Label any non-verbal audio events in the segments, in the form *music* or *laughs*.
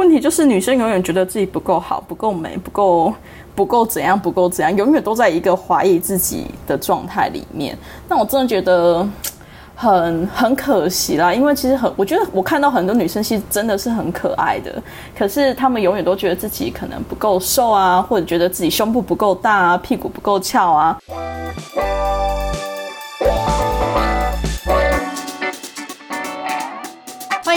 問題就是女生永遠覺得自己不夠好、不夠美、不夠不夠怎樣、不夠怎樣，永遠都在一個懷疑自己的狀態裡面。但我真的覺得很很可惜啦，因為其實很，我覺得我看到很多女生是真的是很可愛的，可是她們永遠都覺得自己可能不夠瘦啊，或者覺得自己胸部不夠大啊，屁股不夠翹啊。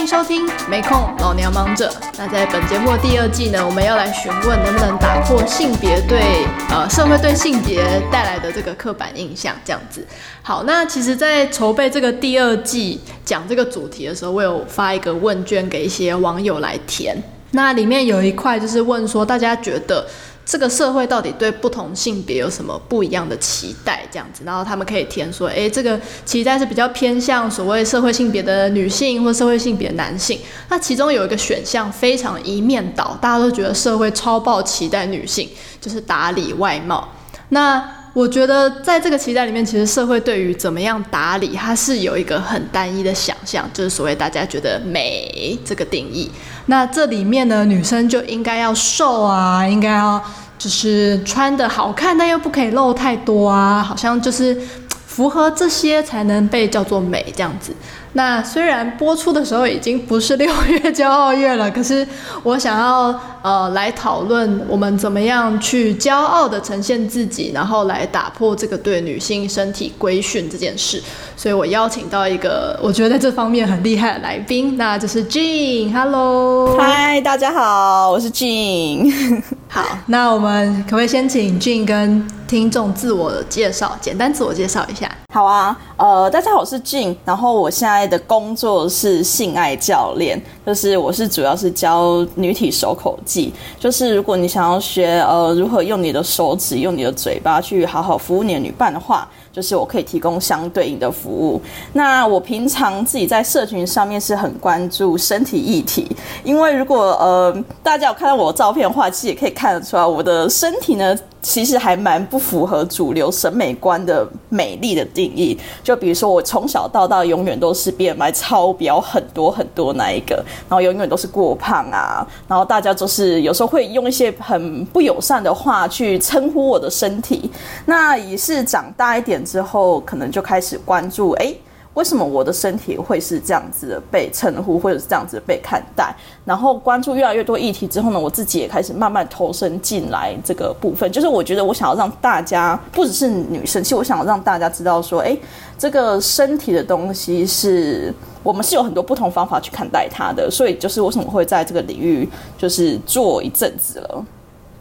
歡迎收聽，沒空，老娘忙着。那在本節目的第二季呢，我們要來詢問能不能打破性別對呃，社會對性別帶來的這個刻板印象，這樣子。好，那其實，在籌備這個第二季講這個主題的時候，我有發一個問卷給一些網友來填。那裡面有一塊就是問說，大家覺得。這個社會到底對不同性別有什麼不一樣的期待？這樣子，然後他們可以填說：“誒，這個期待是比較偏向所謂社會性別的女性或社會性別的男性。”那其中有一個選項非常一面倒，大家都覺得社會超爆期待女性就是打理外貌。那我覺得在這個期待裡面，其實社會對於怎麼樣打理，它是有一個很單一的想象，就是所謂大家覺得美這個定義。那這裡面的女生就應該要瘦啊，應該要。就是穿的好看，但又不可以露太多啊，好像就是符合這些才能被叫做美這樣子。那雖然播出的時候已經不是六月驕傲月了，可是我想要呃來討論我們怎麼樣去驕傲的呈現自己，然後來打破這個對女性身體規訓這件事。所以我邀請到一個我覺得在這方面很厲害的來賓，那就是 Jing。Hello，嗨，大家好，我是 Jing。 *laughs* 好，那我們可不可以先請 Jing 跟聽眾自我介紹，簡單自我介紹一下。好啊，呃，大家好，我是 Jing，然後我現在的工作是性愛教練，就是我是主要是教女體手口技，就是如果你想要學呃如何用你的手指、用你的嘴巴去好好服務你的女伴的話，就是我可以提供相對應的服務。那我平常自己在社群上面是很關注身體議題，因為如果呃大家有看到我的照片的話，其實也可以看得出來我的身體呢。其實還蠻不符合主流審美觀的美麗的定義。就比如說，我從小到大永遠都是 BMI 超標很多很多那一個，然後永遠都是過胖啊，然後大家就是有時候會用一些很不友善的話去稱呼我的身體。那也是長大一點之後，可能就開始關注誒、欸為什麼我的身體會是這樣子的被稱呼，或者是這樣子被看待？然後關注越來越多議題之後呢，我自己也開始慢慢投身進來這個部分。就是我覺得我想要讓大家，不只是女生，其實我想要讓大家知道說，誒、欸，這個身體的東西是我們是有很多不同方法去看待它的。所以就是為什麼會在這個領域就是做一陣子了。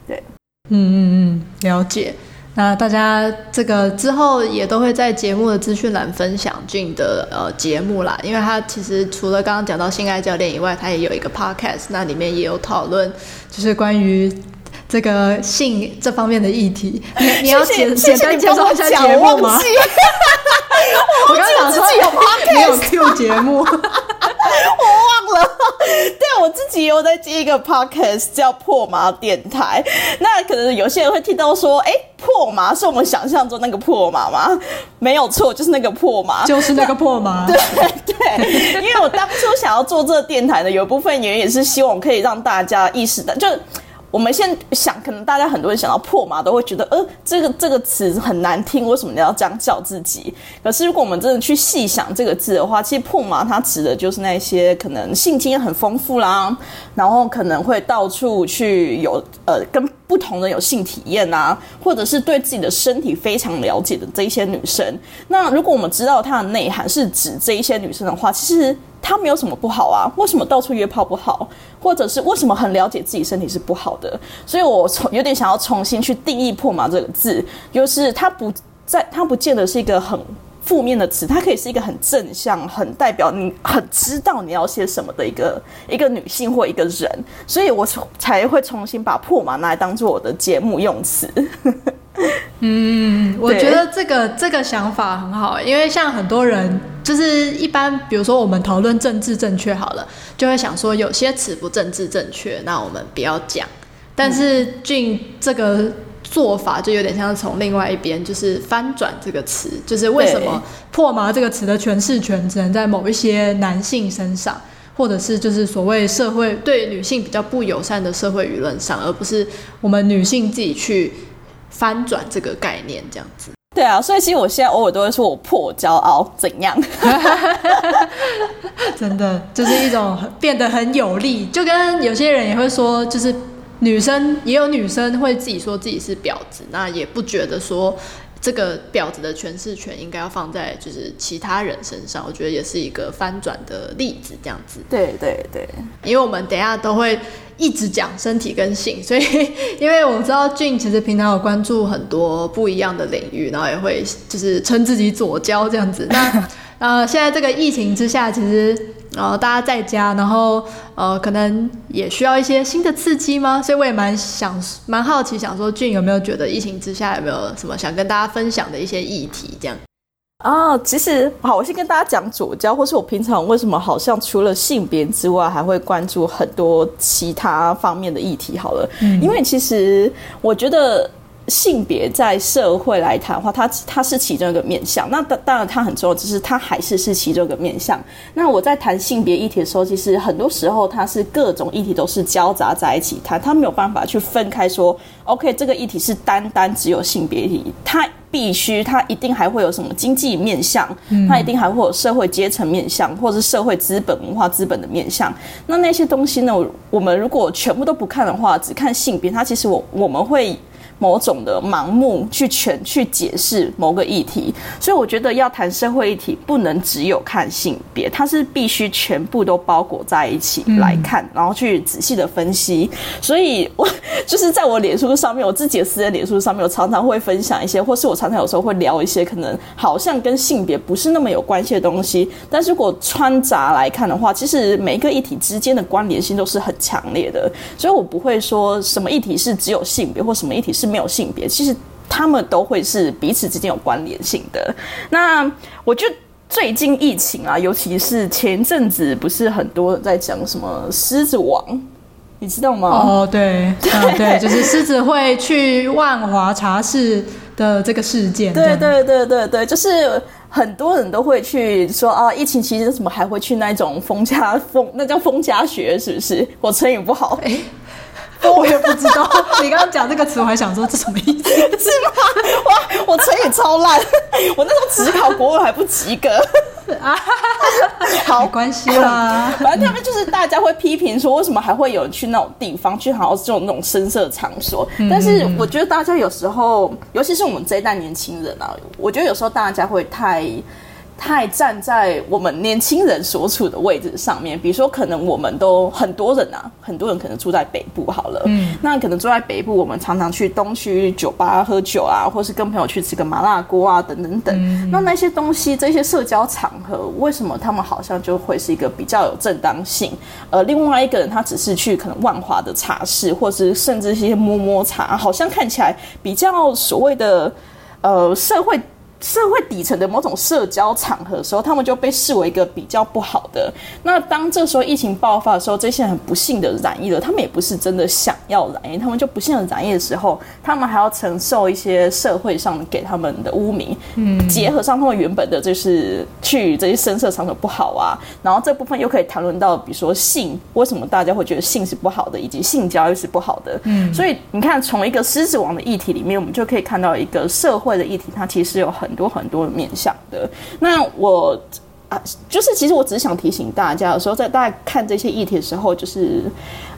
對，嗯嗯嗯，了解。那大家這個之後也都會在節目的資訊欄分享 Jing 的呃節目啦，因為他其實除了剛剛講到性愛教練以外，他也有一個 podcast，那裡面也有討論就是關於這個性這方面的議題。謝謝你，你要簡簡單介紹一下節目嗎？謝謝你，我忘記 *laughs* 我自己有 podcast，剛剛你有 Q 節目。 *laughs* *laughs* 我忘了，對，我自己有在接一個 podcast 叫破麻電台，那可能有些人會聽到說，哎、欸，破麻是我們想象中那個破麻嗎？沒有錯，就是那個破麻，就是那個破麻，對對， *laughs* 因為我當初想要做這個電台呢，有一部分原因也是希望可以讓大家意識到，就我們先想，可能大家很多人想到破麻都會覺得，呃，這個這個詞很難聽，為什麼你要這樣叫自己？可是如果我們真的去細想這個字的話，其實破麻它指的就是那些可能性經驗很豐富啦，然後可能會到處去有呃跟。不同的有性體驗啊，或者是對自己的身體非常了解的這一些女生，那如果我們知道她的內涵是指這一些女生的話，其實她沒有什麼不好啊，為什麼到處約炮不好，或者是為什麼很了解自己身體是不好的？所以，我有點想要重新去定義“破麻”這個字，就是她不在，她不見得是一個很。負面的詞，它可以是一個很正向、很代表你很知道你要寫什麼的一個一個女性或一個人，所以我才會重新把破麻拿來當做我的節目用詞。 *laughs* 嗯，我覺得這個這個想法很好，因為像很多人就是一般，比如說我們討論政治正確好了，就會想說有些詞不政治正確，那我們不要講。但是 Jing、嗯、這個。做法就有點像從另外一邊，就是翻轉這個詞，就是為什麼“破麻”這個詞的詮釋權只能在某一些男性身上，或者是就是所謂社會對女性比較不友善的社會輿論上，而不是我們女性自己去翻轉這個概念這樣子。對啊，所以其實我現在偶爾都會說我“我破驕傲”怎樣？ *laughs* *laughs* 真的就是一種變得很有力， *laughs* 就跟有些人也會說，就是。女生也有女生會自己說自己是婊子，那也不覺得說這個婊子的詮釋權應該要放在就是其他人身上，我覺得也是一個翻轉的例子，這樣子。對對對，因為我們等下都會一直講身體跟性，所以因為我知道 Jing 其實平常有關注很多不一樣的領域，然後也會就是稱自己左膠這樣子。那 *laughs* 呃，現在這個疫情之下，其實。然、呃、後大家在家，然後呃，可能也需要一些新的刺激嗎？所以我也蠻想、蠻好奇，想說 Jing 有沒有覺得疫情之下有沒有什麼想跟大家分享的一些議題？這樣啊、哦，其實好，我先跟大家講左膠，或是我平常為什麼好像除了性別之外，還會關注很多其他方面的議題？好了、嗯，因為其實我覺得。性別在社會來談的話，它它是其中一個面向。那當當然它很重要、就是，只是它還是是其中一個面向。那我在談性別議題的時候，其實很多時候它是各種議題都是交雜在一起談，它沒有辦法去分開說。OK，這個議題是單單只有性別議題，它必須它一定還會有什麼經濟面向，它一定還會有社會階層面向，或者是社會資本、文化資本的面向。那那些東西呢，我，我們如果全部都不看的話，只看性別，它其實我我們會。某種的盲目去全去解釋某個議題，所以我覺得要談社會議題，不能只有看性別，它是必須全部都包裹在一起來看，然後去仔細的分析。所以我就是在我臉書上面，我自己的私人臉書上面，我常常會分享一些，或是我常常有時候會聊一些可能好像跟性別不是那麼有關係的東西，但是如果穿雜來看的話，其實每一個議題之間的關聯性都是很強烈的，所以我不會說什麼議題是只有性別，或什麼議題是。沒有性別，其實他們都會是彼此之間有關聯性的。那我就最近疫情啊，尤其是前陣子，不是很多人在講什麼獅子王，你知道嗎？哦，對，對，啊，對，就是獅子會去萬華茶室的這個事件。對對對對對，就是很多人都會去說啊，疫情其實怎麼還會去那種封家封，那叫封家學是不是？我成語不好。我也不知道， *laughs* 你剛剛講這個詞，我還想說這什麼意思是嗎？哇，我成語超爛，我那時候只考國文還不及格。啊， *laughs* *laughs* 好沒關係啦。反正他們就是大家會批評說，為什麼還會有人去那種地方， *laughs* 去好像這種那種聲色的場所，嗯？但是我覺得大家有時候，尤其是我們這一代年輕人啊，我覺得有時候大家會太。太站在我們年輕人所處的位置上面，比如說，可能我們都很多人啊，很多人可能住在北部，好了，嗯，那可能住在北部，我們常常去東區酒吧喝酒啊，或是跟朋友去吃個麻辣鍋啊，等等等、嗯。那那些東西，這些社交場合，為什麼他們好像就會是一個比較有正當性？而、呃、另外一個人，他只是去可能萬華的茶室，或是甚至一些摸摸茶，好像看起來比較所謂的呃社會。社會底層的某種社交場合的時候，他們就被視為一個比較不好的。那當這時候疫情爆發的時候，這些人很不幸的染疫了，他們也不是真的想要染疫，他們就不幸的染疫的時候，他們還要承受一些社會上給他們的污名。嗯，結合上他們原本的就是去這些聲色場所不好啊，然後這部分又可以談論到，比如說性，為什麼大家會覺得性是不好的，以及性交易是不好的？嗯，所以你看，從一個獅子王的議題裡面，我們就可以看到一個社會的議題，它其實有很很多很多面向的。那我啊，就是其實我只是想提醒大家，有時候在大家看這些議題的時候，就是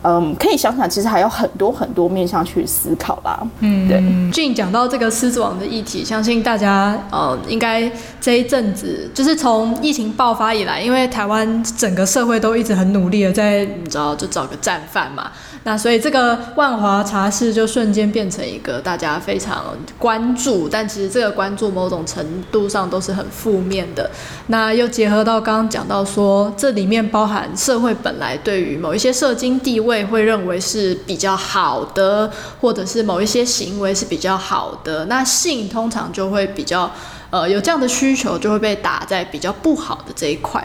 嗯，可以想想，其實還有很多很多面向去思考啦。嗯，對。Jing 講到這個獅子王的議題，相信大家呃、嗯，應該這一陣子就是從疫情爆發以來，因為台灣整個社會都一直很努力的在，你知道，就找個戰犯嘛。那所以這個萬華茶室就瞬間變成一個大家非常關注，但其實這個關注某種程度上都是很負面的。那又結合到剛剛講到說，這裡面包含社會本來對於某一些社經地位會認為是比較好的，或者是某一些行為是比較好的，那性通常就會比較，呃，有這樣的需求，就會被打在比較不好的這一塊。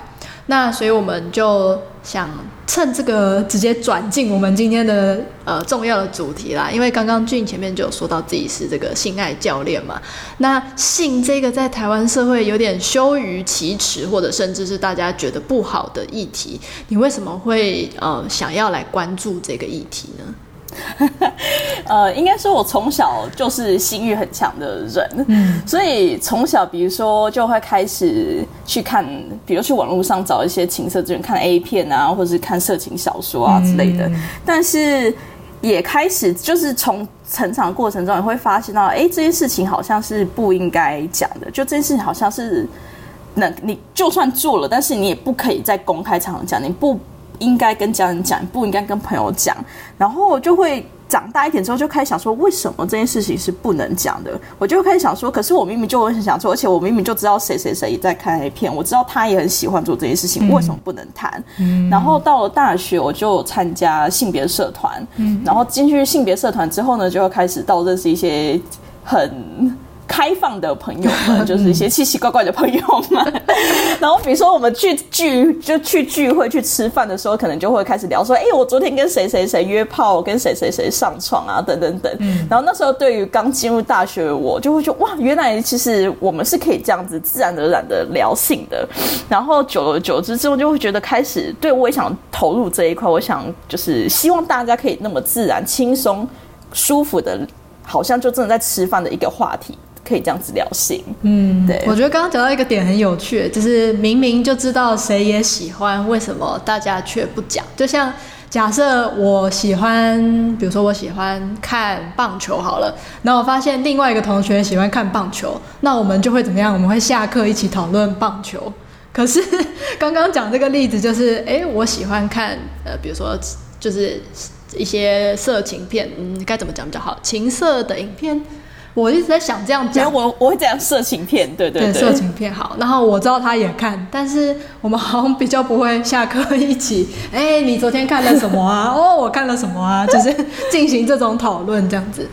那所以我們就。想趁這個直接轉進我們今天的呃重要的主題啦，因為剛剛 Jing 前面，就有說到自己是這個性愛教練嘛，那性這個在台灣社會有點羞於啟齒，或者甚至是大家覺得不好的議題，你為什麼會呃想要來關注這個議題呢？哈哈，呃，應該說，我從小就是性慾很強的人，嗯，所以從小，比如說，就會開始去看，比如去網絡上找一些情色資源，看 A 片啊，或者是看色情小說啊之類的。嗯、但是，也開始就是從成長過程中，你會發現到，哎、欸，這件事情好像是不應該講的，就這件事情好像是能，那你就算做了，但是你也不可以在公開場合講，你不應該跟家人講，不應該跟朋友講，然後就會長大一點之後就開始想說，為什麼這件事情是不能講的？我就開始想說，可是我明明就很想說，而且我明明就知道誰誰誰也在看 A 片，我知道他也很喜歡做這件事情，嗯，為什麼不能談？嗯。然後到了大學，我就參加性別社團，嗯。然後進去性別社團之後呢，就會開始到認識一些很。開放的朋友們，就是一些奇奇怪怪的朋友嘛。 *laughs* 然後比如說我們去聚，就去聚會去吃飯的時候，可能就會開始聊說：“哎、欸，我昨天跟誰誰誰約炮，跟誰誰誰上床啊，等等等。嗯”然後那時候對於剛進入大學的我，就會覺得哇，原來其實我們是可以這樣子自然而然的聊性的。”然後久而久之之後，就會覺得開始，對，我也想投入這一塊。我想就是希望大家可以那麼自然、輕鬆、舒服的，好像就正在吃飯的一個話題。可以這樣子聊性，嗯，對。我覺得剛剛講到一個點很有趣，就是明明就知道誰也喜歡，為什麼大家卻不講？就像假設我喜歡，比如說我喜歡看棒球好了，然後我發現另外一個同學喜歡看棒球，那我們就會怎麼樣？我們會下課一起討論棒球。可是剛剛講這個例子就是，哎、欸，我喜歡看，呃，比如說就是一些色情片，嗯，該怎麼講比較好？情色的影片。我一直在想這樣講，我我會講色情片，對對對，對，對，色情片好。然後我知道他也看，但是我們好像比較不會下課一起。哎、欸，你昨天看了什麼啊？ *laughs* 哦，我看了什麼啊？就是進行這種討論這樣子。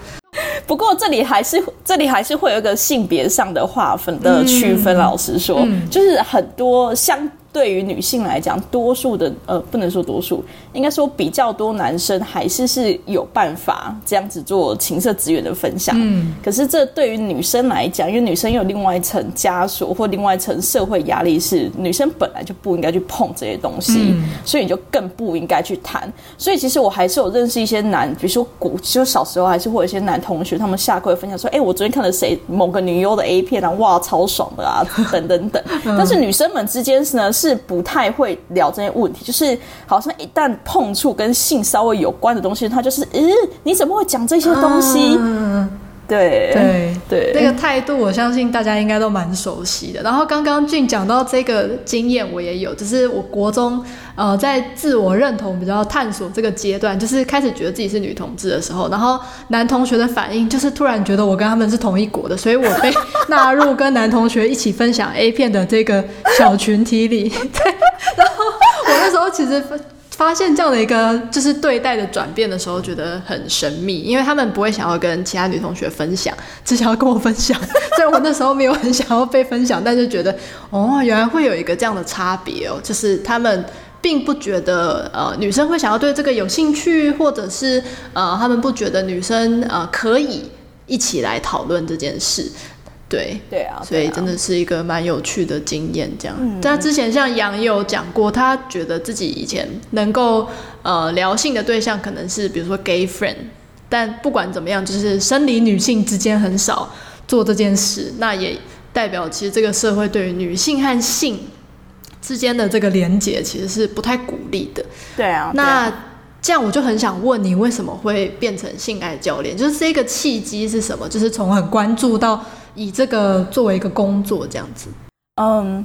不過這裡還是這裡還是會有一個性別上的劃分的區分、嗯。老師說，嗯、就是很多像。對於女性來講，多數的呃不能說多數，應該說比較多男生還是是有辦法這樣子做情色資源的分享。嗯，可是這對於女生來講，因為女生有另外一層枷鎖或另外一層社會壓力是，是女生本來就不應該去碰這些東西，嗯、所以你就更不應該去談。所以其實我還是有認識一些男，比如說古，就小時候還是會有一些男同學，他們下課分享說：“哎、欸，我昨天看了誰某個女優的 A 片啊，哇，超爽的啊，等等等。嗯”但是女生們之間呢是。是不太會聊這些問題，就是好像一旦碰觸跟性稍微有關的東西，他就是，嗯、欸，你怎麼會講這些東西？啊對對對，那、這個態度我相信大家應該都蠻熟悉的。然後剛剛 Jing 講到這個經驗，我也有，就是我國中呃在自我認同比較探索這個階段，就是開始覺得自己是女同志的時候，然後男同學的反應就是突然覺得我跟他們是同一國的，所以我被納入跟男同學一起分享 A 片的這個小群體裡。 *laughs* 對，然後我那時候其實，發現這樣的一個就是對待的轉變的時候，覺得很神秘，因為他們不會想要跟其他女同學分享，只想要跟我分享。雖 *laughs* 然我那時候沒有很想要被分享，但是覺得哦，原來會有一個這樣的差別哦，就是他們並不覺得呃女生會想要對這個有興趣，或者是呃他們不覺得女生呃可以一起來討論這件事。對，對啊，所以真的是一個蠻有趣的經驗，這樣。但之前像楊也有講過，他覺得自己以前能夠呃聊性的對象可能是比如說 gay friend，但不管怎麼樣，就是生理女性之間很少做這件事。那也代表其實這個社會對於女性和性之間的這個連結其實是不太鼓勵的。對啊，那這樣我就很想問你，為什麼會變成性愛教練？就是這個契機是什麼？就是從很關注到。以這個作為一個工作這樣子，嗯，um，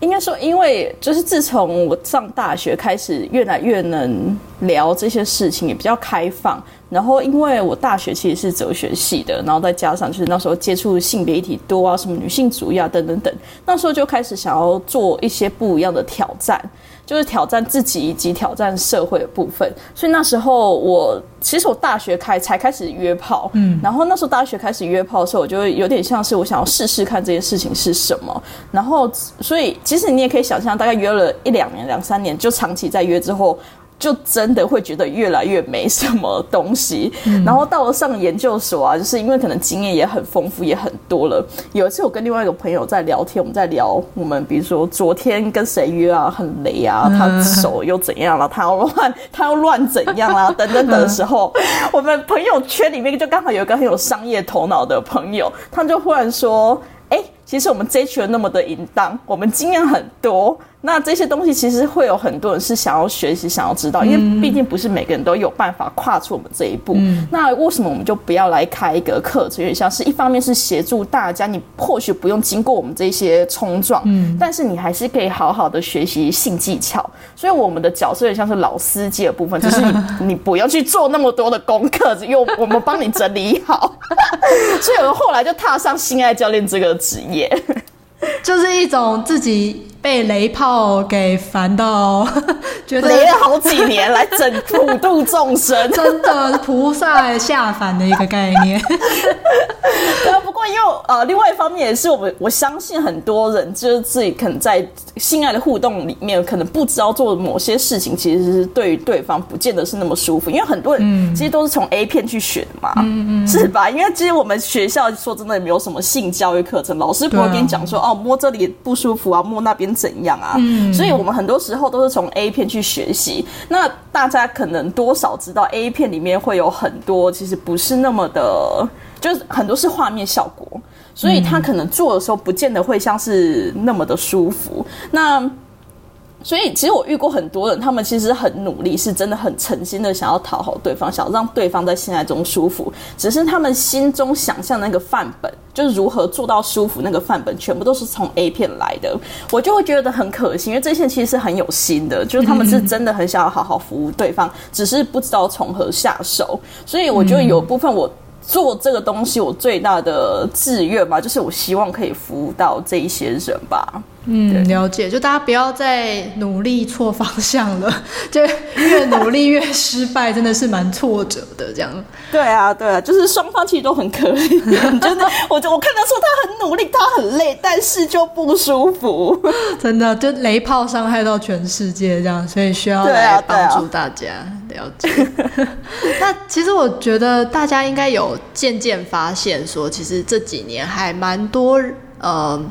應該說，因為就是自從我上大學開始，越來越能聊這些事情，也比較開放。然後，因為我大學其實是哲學系的，然後再加上就是那時候接觸性別議題多啊，什麼女性主義啊等等等，那時候就開始想要做一些不一樣的挑戰。就是挑戰自己以及挑戰社會的部分，所以那時候我其實我大學開才開始約炮，嗯，然後那時候大學開始約炮的時候，我就有點像是我想要試試看這件事情是什麼，然後所以其實你也可以想象，大概約了一兩年、兩三年就長期在約之後。就真的會覺得越來越沒什麼東西，嗯，然後到了上研究所啊，就是因為可能經驗也很豐富，也很多了。有一次我跟另外一個朋友在聊天，我們在聊我們，比如說昨天跟誰約啊，很雷啊，他手又怎樣了，他要亂，他要亂怎樣啦， *laughs* 等等等的時候， *laughs* 我們朋友圈裡面就剛好有一個很有商業頭腦的朋友，他就忽然說：“哎、欸，其實我們追求那麼的淫蕩，我們經驗很多。”那這些東西其實會有很多人是想要學習、想要知道，嗯、因為畢竟不是每個人都有辦法跨出我們這一步。嗯、那為什麼我們就不要來開一個課程學校？像是一方面是協助大家，你或許不用經過我們這些衝撞，嗯，但是你還是可以好好的學習性技巧。所以我們的角色也像是老司機的部分，就是你，你不要去做那麼多的功課，只用我們幫你整理好。 *laughs* 所以我們後來就踏上性愛教練這個職業，就是一種自己。被雷炮給煩到，覺得雷了好幾年來整普度眾生， *laughs* 真的菩薩下凡的一個概念 *laughs* 、啊。不過又呃，另外一方面也是我們，我相信很多人就是自己可能在性愛的互動裡面，可能不知道做某些事情其實是對於對方不見得是那麼舒服，因為很多人其實都是從 A 片去學嘛，嗯嗯嗯，是吧？因為其實我們學校說真的也沒有什麼性教育課程，老師不會跟你講說、啊、哦，摸這裡不舒服啊，摸那邊。怎樣啊？所以我們很多時候都是從 A 片去學習。那大家可能多少知道 A 片裡面會有很多，其實不是那麼的，就是很多是畫面效果，所以他可能做的時候不見得會像是那麼的舒服。那所以，其實我遇過很多人，他們其實很努力，是真的很誠心的想要討好對方，想要讓對方在性愛中舒服。只是他們心中想象的那個範本，就是如何做到舒服，那個範本全部都是從 A 片來的。我就會覺得很可惜，因為這些人其實是很有心的，就是他們是真的很想要好好服務對方， *laughs* 只是不知道從何下手。所以，我覺得有部分我做這個東西，我最大的志願吧，就是我希望可以服務到這一些人吧。嗯，了解。就大家不要再努力錯方向了，就越努力越失敗， *laughs* 真的是蠻挫折的這樣。對啊，對啊，就是雙方其實都很可憐。 *laughs* 真的，我就我看到說他很努力，他很累，但是就不舒服。真的，就雷炮傷害到全世界這樣，所以需要來幫助大家了解。啊啊、 *laughs* 那其實我覺得大家應該有漸漸發現說，說其實這幾年還蠻多，嗯、呃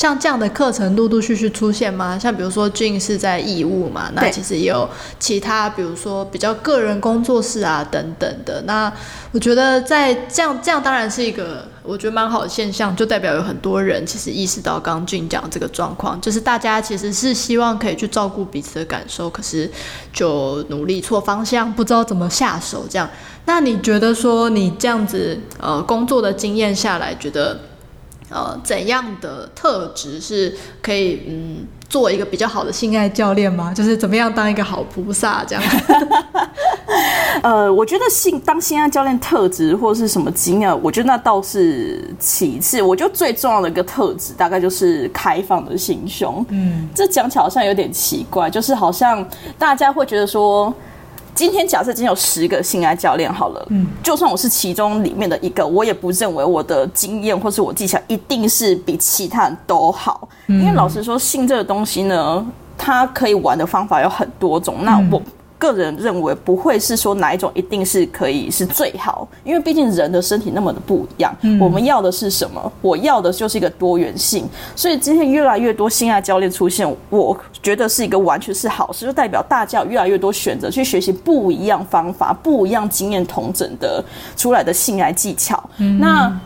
像這樣的課程陸陸續續出現嗎？像比如說 Jing 是在義務嘛，那其實也有其他，比如說比較個人工作室啊等等的。那我覺得在這樣這樣當然是一個我覺得蠻好的現象，就代表有很多人其實意識到剛 Jing 講這個狀況，就是大家其實是希望可以去照顧彼此的感受，可是就努力錯方向，不知道怎麼下手這樣。那你覺得說你這樣子呃工作的經驗下來，覺得？呃，怎樣的特質是可以嗯做一個比較好的性愛教練嗎？就是怎麼樣當一個好菩薩這樣？ *laughs* *laughs* 呃，我覺得性當性愛教練特質或是什麼經驗，我覺得那倒是其次。我覺得最重要的一個特質，大概就是開放的心胸。嗯，這講起來好像有點奇怪，就是好像大家會覺得說。今天假設今天有十個性愛教練好了，嗯，就算我是其中裡面的一個，我也不認為我的經驗或是我技巧一定是比其他人都好，嗯，因為老實說，性這個東西呢，它可以玩的方法有很多種，嗯，那我。個人認為不會是說哪一種一定是可以是最好，因為畢竟人的身體那麼的不一樣，嗯。我們要的是什麼？我要的就是一個多元性。所以今天越來越多性愛教練出現，我覺得是一個完全是好事，就代表大家有越來越多選擇去學習不一樣方法、不一樣經驗統整的出來的性愛技巧。嗯，那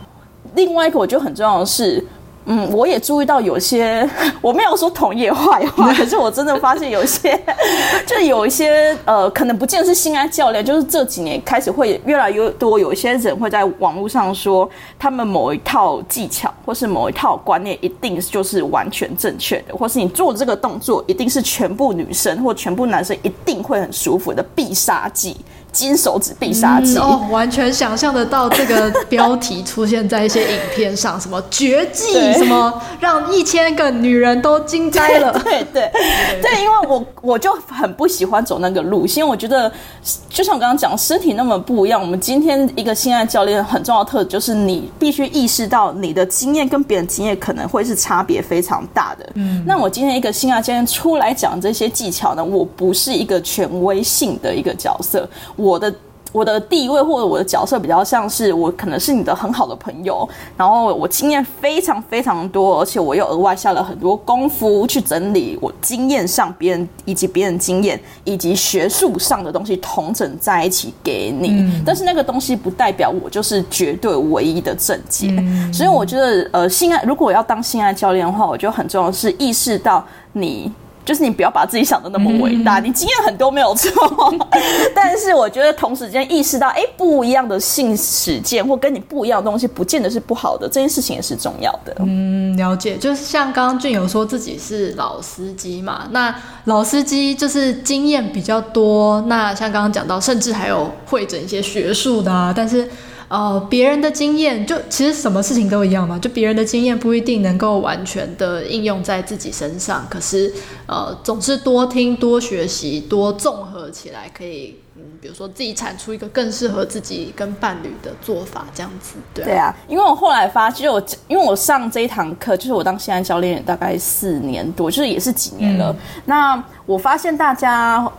另外一個我覺得很重要的是。嗯，我也注意到有些，我沒有說同業壞話，可是我真的發現有些， *laughs* 就有一些呃，可能不見得是性愛教練，就是這幾年開始會越來越多，有一些人會在網絡上說，他們某一套技巧或是某一套觀念一定就是完全正確的，或是你做這個動作一定是全部女生或全部男生一定會很舒服的必殺技。金手指必殺技。嗯，哦，完全想象得到這個標題出現在一些影片上， *laughs* 什麼絕技，什麼讓一千個女人都驚呆了。對對對，對，對，因為我我就很不喜歡走那個路線，我覺得就像我剛剛講，身體那麼不一樣。我們今天一個性愛教練很重要的特質就是，你必須意識到你的經驗跟別人經驗可能會是差別非常大的。嗯，那我今天一個性愛教練出來講這些技巧呢，我不是一個權威性的一個角色。我的我的地位，或者我的角色比較像是，我可能是你的很好的朋友，然後我經驗非常非常多，而且我又額外下了很多功夫去整理我經驗上別人以及別人經驗以及學術上的東西，統整在一起給你。嗯，但是那個東西不代表我就是絕對唯一的正解。嗯，所以我覺得呃性愛，如果我要當性愛教練的話，我覺得很重要的是意識到你。就是你不要把自己想的那麼偉大，你經驗很多沒有錯， *laughs* 但是我覺得同時間意識到，哎、欸，不一樣的性實踐或跟你不一樣的東西，不見得是不好的，這件事情也是重要的。嗯，了解，就是像剛剛俊友說自己是老司機嘛，那老司機就是經驗比較多，那像剛剛講到，甚至還有會整一些學術的啊，但是。哦，別人的經驗就其實什麼事情都一樣嘛，就別人的經驗不一定能夠完全的應用在自己身上，可是呃，總是多聽、多學習、多綜合起來，可以嗯，比如說自己產出一個更適合自己跟伴侶的做法，這樣子。對啊，對啊，因為我後來發，其實我因為我上這一堂課，就是我當性愛教練也大概四年多，就是也是幾年了，嗯、那我發現大家。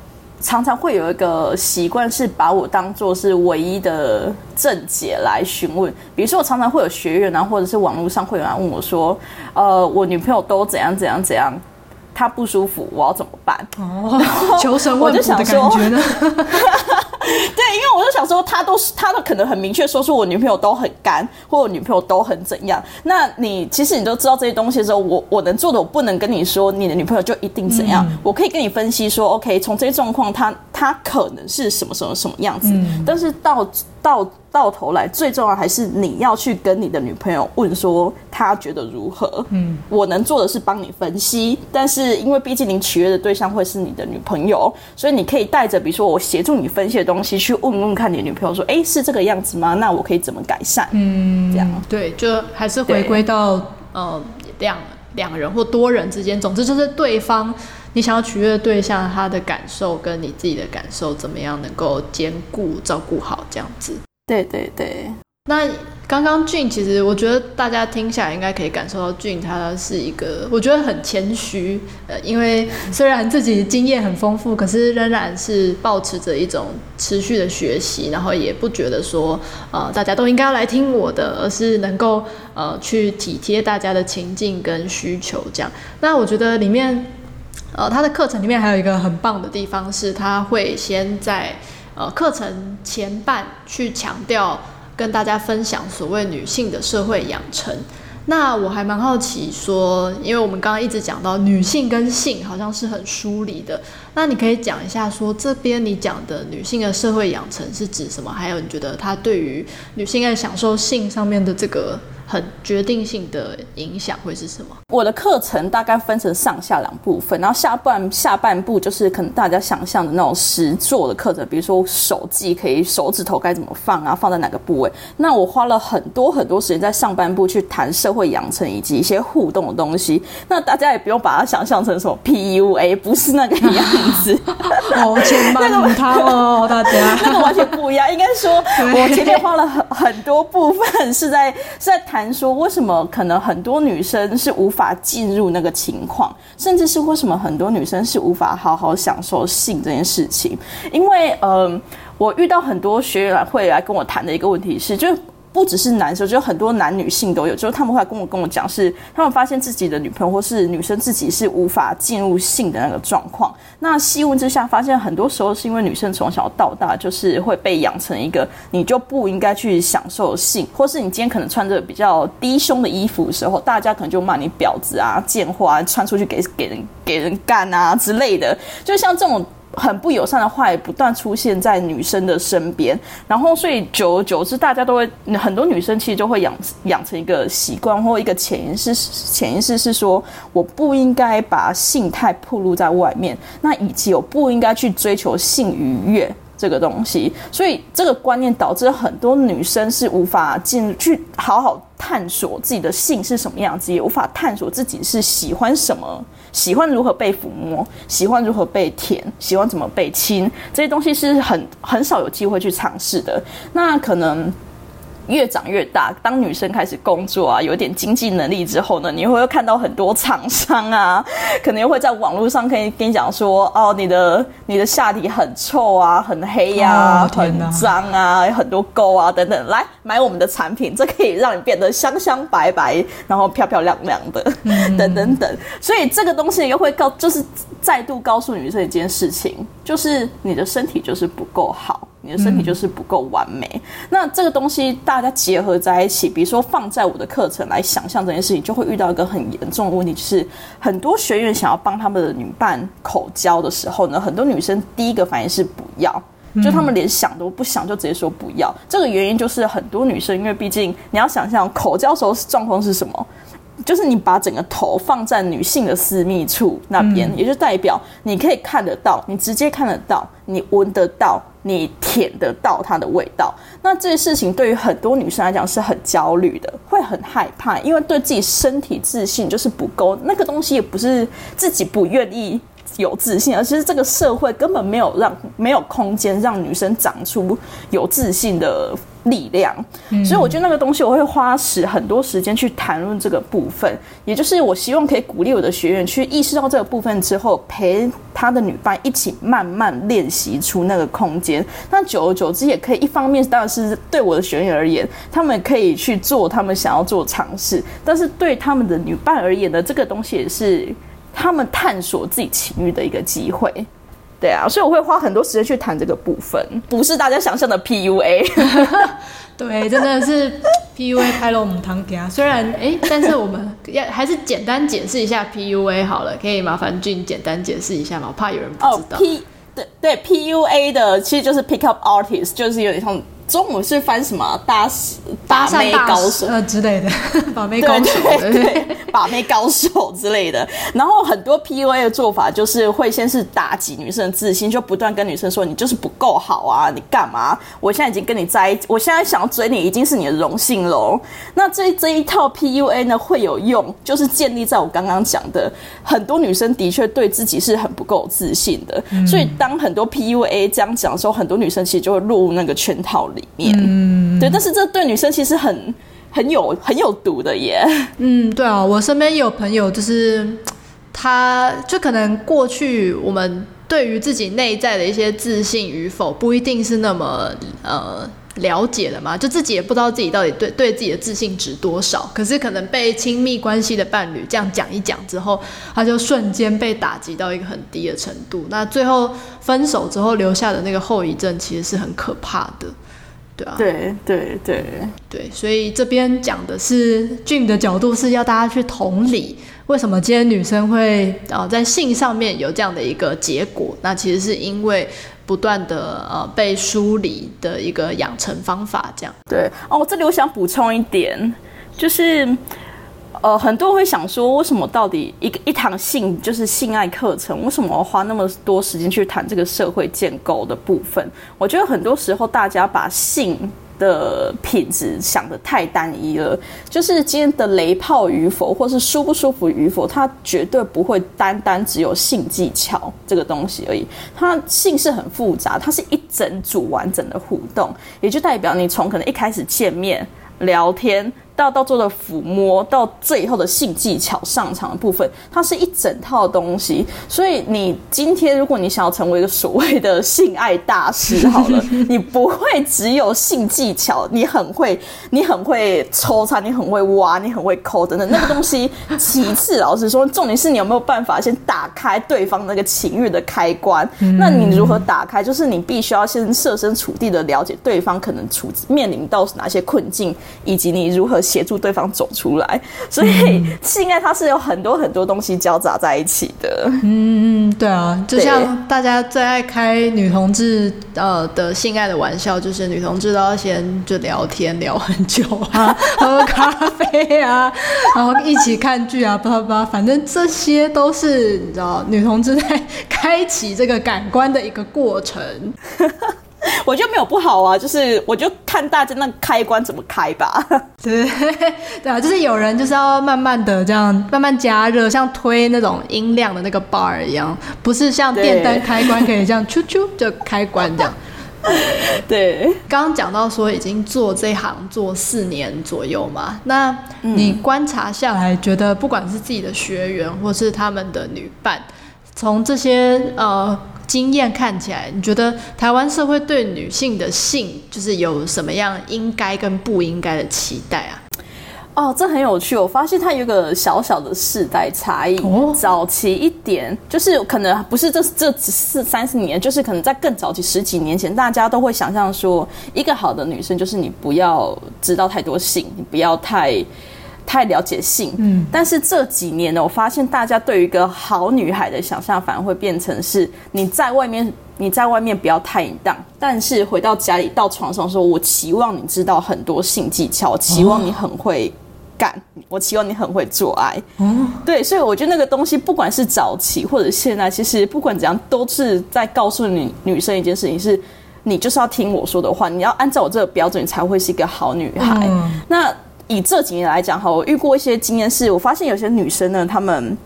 常常會有一個習慣，是把我當作是唯一的正解來詢問。比如說，我常常會有學員啊，或者是網絡上會有人問我說：“呃，我女朋友都怎樣怎樣怎樣，她不舒服，我要怎麼辦？”哦、我就想求神問卜的感覺呢。 *laughs* *laughs* 對，因為我就想說，他都，是，他都可能很明確說出我女朋友都很乾，或我女朋友都很怎樣。那你其實你都知道這些東西的時候，我我能做的，我不能跟你說你的女朋友就一定怎樣。嗯、我可以跟你分析說，OK，從這些狀況，他他可能是什麼什麼什麼樣子。嗯、但是到到到頭來，最重要的還是你要去跟你的女朋友問說，他覺得如何。嗯，我能做的是幫你分析，但是因為畢竟你取悅的對象會是你的女朋友，所以你可以帶着，比如說我協助你分析的東西。東西去問問看你女朋友說，哎、欸，是這個樣子嗎？那我可以怎麼改善？嗯，這樣對，就還是回歸到呃兩兩人或多人之間，總之就是對方你想要取悅的對象他的感受跟你自己的感受怎麼樣能夠兼顧照顧好這樣子。對對對。那剛剛 Jing，剛剛其實我覺得大家聽下來應該可以感受到 Jing，他，是一個我覺得很謙虛，呃，因為雖然自己經驗很豐富，可是仍然是保持着一種持續的學習，然後也不覺得說，呃，大家都應該要來聽我的，而是能夠呃去體貼大家的情境跟需求這樣。那我覺得裡面，呃，他的課程裡面還有一個很棒的地方是，他會先在呃課程前半去強調。跟大家分享所謂女性的社會養成，那我還蠻好奇說，因為我們剛剛一直講到女性跟性好像是很疏離的。那你可以講一下說，說這邊你講的女性的社會養成是指什麼？還有你覺得它對於女性在享受性上面的這個很決定性的影響會是什麼？我的課程大概分成上下兩部分，然後下半下半部就是可能大家想象的那種實作的課程，比如說手技可以手指頭該怎麼放啊，放在哪個部位？那我花了很多很多時間在上半部去談社會養成以及一些互動的東西。那大家也不用把它想象成什麼 PUA，不是那個樣。 *laughs* *laughs* 是我那個他哦，大 *laughs* 家那個完全不一樣。應該說我前面花了很很多部分是在是在談說，為什麼可能很多女生是無法進入那個情況，甚至是為什麼很多女生是無法好好享受性這件事情。因為嗯、呃，我遇到很多學員會來跟我談的一個問題是，就。不只是男生，就很多男女性都有，就是他們會來跟我跟我講，是他們發現自己的女朋友或是女生自己是無法進入性的那個狀況。那細問之下，發現很多時候是因為女生從小到大就是會被養成一個你就不應該去享受性，或是你今天可能穿着比較低胸的衣服的時候，大家可能就罵你婊子啊、賤貨啊，穿出去給給人給人幹啊之類的，就像這種。很不友善的話也不斷出現在女生的身邊，然後所以久而久之，大家都會很多女生其實就會養養成一個習慣，或一個潛意識，潛意識是說我不應該把性態暴露在外面，那以及我不應該去追求性愉悅這個東西。所以這個觀念導致很多女生是無法進去好好探索自己的性是什麼樣子，也無法探索自己是喜歡什麼。喜歡如何被撫摸，喜歡如何被舔，喜歡怎麼被親，這些東西是很很少有機會去嘗試的。那可能。越長越大，當女生開始工作啊，有點經濟能力之後呢，你會看到很多廠商啊，可能又會在網絡上可以跟你講說，哦，你的你的下體很臭啊，很黑呀、啊哦，很髒啊，有很多溝啊等等，來買我們的產品，這可以讓你變得香香白白，然後漂漂亮亮的，等等等、嗯。所以這個東西又會告，就是再度告訴女生一件事情，就是你的身體就是不夠好。你的身體就是不夠完美。嗯。那這個東西大家結合在一起，比如說放在我的課程來想象這件事情，就會遇到一個很嚴重的問題，就是很多學員想要幫他們的女伴口交的時候呢，很多女生第一個反應是不要，就他們連想都不想，就直接說不要。嗯。這個原因就是很多女生，因為畢竟你要想象口交的時候狀況是什麼，就是你把整個頭放在女性的私密處那邊，嗯，也就代表你可以看得到，你直接看得到，你聞得到。你舔得到它的味道，那這些事情對於很多女生來講是很焦慮的，會很害怕，因為對自己身體自信就是不夠，那個東西也不是自己不願意，有自信，而其實這個社會根本沒有讓沒有空間讓女生長出有自信的力量。嗯，所以我覺得那個東西我會花時很多時間去談論這個部分，也就是我希望可以鼓勵我的學員去意識到這個部分之後，陪他的女伴一起慢慢練習出那個空間。那久而久之，也可以一方面當然是對我的學員而言，他們可以去做他們想要做嘗試，但是對他們的女伴而言的這個東西也是他們探索自己情欲的一個機會，對啊，所以我會花很多時間去談這個部分，不是大家想象的 PUA， *laughs* *laughs* 對，真的是 PUA 拍了我們堂家雖然哎，但是我們要還是簡單解釋一下 PUA 好了，可以麻煩 Jing 簡單解釋一下嗎？我怕有人不知道。Oh, P 對對，PUA 的其實就是 Pickup Artist，就是有點像。中午是翻什麼、啊、上大師把、呃、妹、妹高手之類的，把妹高手對把妹高手之類的。然後很多 PUA 的做法就是會先是打擊女生的自信，就不斷跟女生說：“你就是不夠好啊，你幹嘛？我現在已經跟你在一起，我現在想要追你已經是你的榮幸嘍。”那這這一套 PUA 呢會有用，就是建立在我剛剛講的，很多女生的確對自己是很不夠自信的，嗯，所以當很多 PUA 這樣講的時候，很多女生其實就會落入那個圈套裡裡面。嗯，對，但是這對女生其實很很有很有毒的耶。嗯，對啊，我身邊有朋友就是，他就可能過去我們對於自己內在的一些自信與否，不一定是那麼呃、了解的嘛，就自己也不知道自己到底對對自己的自信值多少。可是可能被親密關係的伴侶這樣講一講之後，他就瞬間被打擊到一個很低的程度。那最後分手之後留下的那個後遺症，其實是很可怕的。對啊對，對對對對，所以這邊講的是 Jing 的角度是要大家去同理，為什麼今天女生會啊、哦、在性上面有這樣的一個結果？那其實是因為不斷地呃被梳理的一個養成方法，這樣。對哦，我這裡我想補充一點，就是。呃，很多人會想說，為什麼到底一個一堂性就是性愛課程，為什麼要花那麼多時間去談這個社會建構的部分？我覺得很多時候大家把性的品質想得太單一了，就是今天的雷炮與否，或是舒不舒服與否，它絕對不會單單只有性技巧這個東西而已。它性是很複雜，它是一整組完整的互動，也就代表你從可能一開始見面聊天。到到做的撫摸，到最後的性技巧上場的部分，它是一整套東西。所以你今天如果你想要成為一個所謂的性愛大師，好了，你不會只有性技巧，你很會，你很會抽插，你很會挖，你很會摳等等那個東西。其次，老實說，重點是你有沒有辦法先打開對方那個情欲的開關？那你如何打開？就是你必須要先設身處地的了解對方可能處面臨到哪些困境，以及你如何。協助對方走出來，所以性愛它是有很多很多東西交雜在一起的。嗯，對啊，就像大家最愛開女同志呃的性愛的玩笑，就是女同志都要先就聊天聊很久啊， *laughs* 喝咖啡啊，然後一起看劇啊，叭叭叭，反正這些都是你知道，女同志在開啟這個感官的一個過程。我就沒有不好啊，就是我就看大家那個開關怎麼開吧。對 *laughs* 對啊，就是有人就是要慢慢的這樣慢慢加熱，像推那種音量的那個 bar 一樣，不是像電燈開關可以這樣啾啾就開關這樣。對。剛剛講到說已經做這行做四年左右嘛，那你觀察下來覺得不管是自己的學員或是他們的女伴，從這些呃。經驗看起來，你覺得台灣社會對女性的性就是有什麼樣應該跟不應該的期待啊？哦，這很有趣，我發現它有一個小小的世代差異。早期一點，哦，就是可能不是這這只是三四年，就是可能在更早期十幾年前，大家都會想象說，一個好的女生就是你不要知道太多性，你不要太。太了解性，嗯，但是這幾年呢，我發現大家對於一個好女孩的想象，反而會變成是你在外面，你在外面不要太淫蕩，但是回到家裡到床上的時候，我期望你知道很多性技巧，我期望你很會幹、哦，我期望你很會做愛，嗯、哦，對，所以我覺得那個東西，不管是早期或者現在，其實不管怎樣，都是在告訴你女生一件事情：是，你就是要聽我說的話，你要按照我這個標準，你才會是一個好女孩，嗯，那。以這幾年來講哈，我遇過一些經驗，是我發現有些女生呢，她們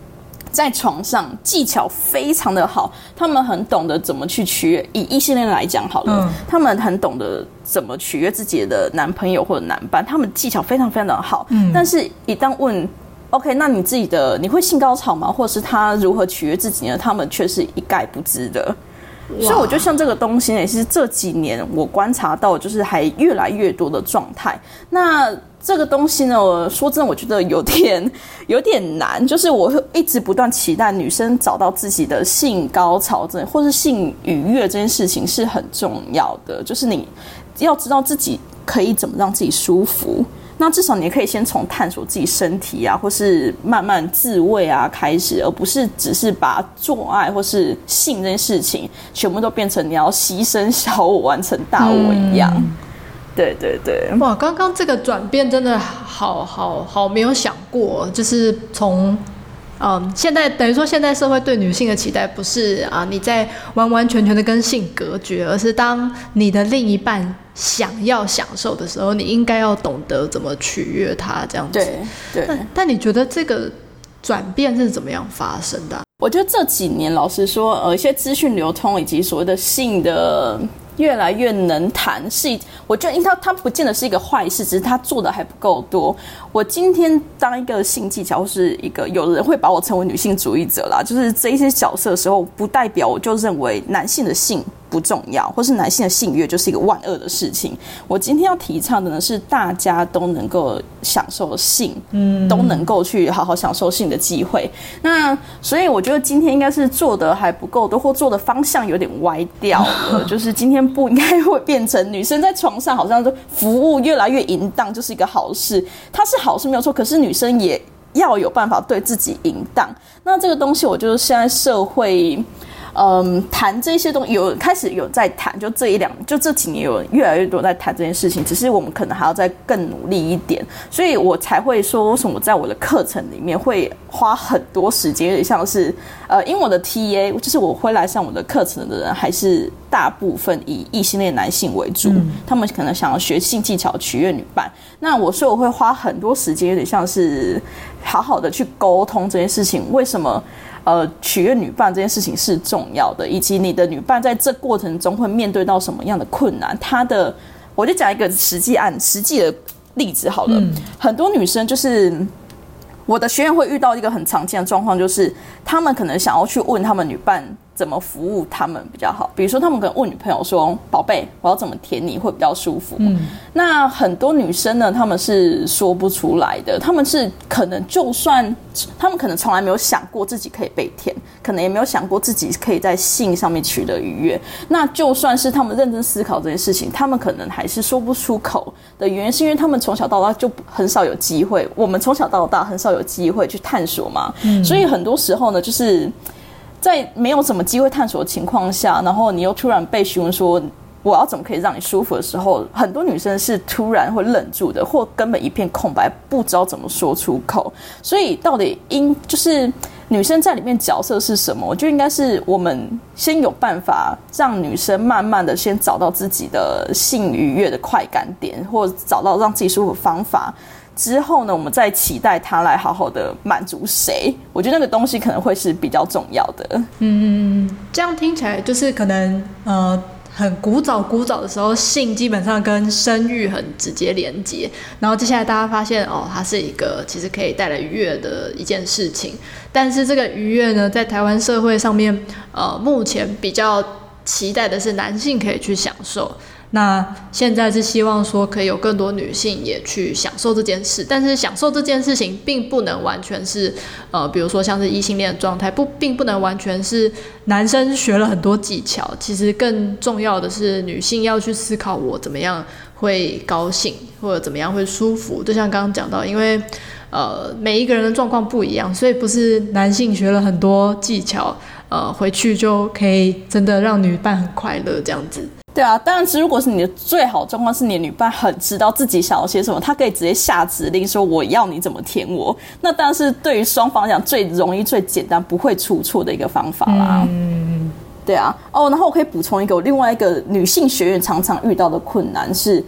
在床上技巧非常的好，她們很懂得怎麼去取悅。以異性戀來講好了、嗯，她們很懂得怎麼取悅自己的男朋友或者男伴，她們技巧非常非常的好。嗯、但是一旦問，OK，那你自己的你會性高潮嗎？或者是他如何取悅自己呢？他們卻是一概不知的。所以我覺得像這個東西呢，是這幾年我觀察到，就是還越來越多的狀態。那這個東西呢，我說真的，我覺得有點有點難。就是我一直不斷期待女生找到自己的性高潮，或是性愉悅這件事情是很重要的。就是你要知道自己可以怎麼讓自己舒服，那至少你可以先從探索自己身體啊，或是慢慢自慰啊開始，而不是只是把做愛或是性這件事情全部都變成你要犧牲小我，完成大我一樣。嗯對對對，哇，剛剛這個轉變真的好好好，沒有想過，就是從，嗯，現在等於說現在社會對女性的期待不是啊，你在完完全全的跟性隔絕，而是當你的另一半想要享受的時候，你應該要懂得怎麼取悅他，這樣子。對對，但但你覺得這個轉變是怎麼樣發生的啊？我覺得這幾年，老實說，呃，一些資訊流通以及所謂的性的。越來越能談，是我覺得應該他不見得是一個壞事，只是他做的還不夠多。我今天當一個性技巧，是一個有的人會把我稱為女性主義者啦，就是這一些角色的時候，不代表我就認為男性的性。不重要，或是男性的性慾就是一個萬惡的事情。我今天要提倡的呢，是大家都能夠享受性，嗯，都能夠去好好享受性的機會。那所以我覺得今天應該是做得還不夠多，或做的方向有點歪掉。就是今天不應該會變成女生在床上好像就服務越來越淫蕩，就是一個好事。它是好事沒有錯，可是女生也要有辦法對自己淫蕩。那這個東西，我覺得現在社會。嗯，談這些東西有開始有在談，就這一兩就這幾年有越來越多在談這件事情，只是我們可能還要再更努力一點，所以我才會說，為什麼在我的課程裡面會花很多時間，有點像是呃，因為我的 T A，就是我會來上我的課程的人還是。大部分以異性戀男性為主，嗯，他們可能想要學性技巧取悅女伴。那我說我會花很多時間，有點像是好好的去溝通這件事情。為什麼呃取悅女伴這件事情是重要的？以及你的女伴在這過程中會面對到什麼樣的困難？他的，我就講一個實際案、實際的例子好了，嗯。很多女生就是我的學員會遇到一個很常見的狀況，就是他們可能想要去問他們女伴。怎麼服務他們比較好？比如說，他們可能問女朋友說：“寶貝，我要怎麼舔你會比較舒服？”嗯，那很多女生呢，他們是說不出來的。他們是可能就算他們可能從來沒有想過自己可以被舔，可能也沒有想過自己可以在性上面取得愉悅。那就算是他們認真思考這件事情，他們可能還是說不出口的原因，是因為他們從小到大就很少有機會。我們從小到大很少有機會去探索嘛。嗯，所以很多時候呢，就是。在沒有什麼機會探索的情況下，然後你又突然被詢問說“我要怎麼可以讓你舒服”的時候，很多女生是突然會愣住的，或根本一片空白，不知道怎麼說出口。所以，到底應就是女生在裡面角色是什麼？我覺得應該是我們先有辦法讓女生慢慢的先找到自己的性愉悅的快感點，或找到讓自己舒服的方法。之後呢，我們再期待他來好好的滿足誰？我覺得那個東西可能會是比較重要的。嗯，這樣聽起來就是可能呃，很古早古早的時候，性基本上跟生育很直接連接。然後接下來大家發現哦，它是一個其實可以帶來愉悅的一件事情。但是這個愉悅呢，在台灣社會上面，呃，目前比較期待的是男性可以去享受。那現在是希望說可以有更多女性也去享受這件事，但是享受這件事情並不能完全是，呃，比如說像是異性戀的狀態，不，並不能完全是男生學了很多技巧。其實更重要的是女性要去思考我怎麼樣會高興，或者怎麼樣會舒服。就像剛剛講到，因為呃，每一個人的狀況不一樣，所以不是男性學了很多技巧。呃，回去就可以真的讓女伴很快樂這樣子。對啊，當然是如果是你的最好狀況，是你的女伴很知道自己想要些什麼，她可以直接下指令說我要你怎麼舔我。那當然是對於雙方講最容易、最簡單、不會出錯的一個方法啦。嗯，對啊。哦，然後我可以補充一個，另外一個女性學員常常遇到的困難是，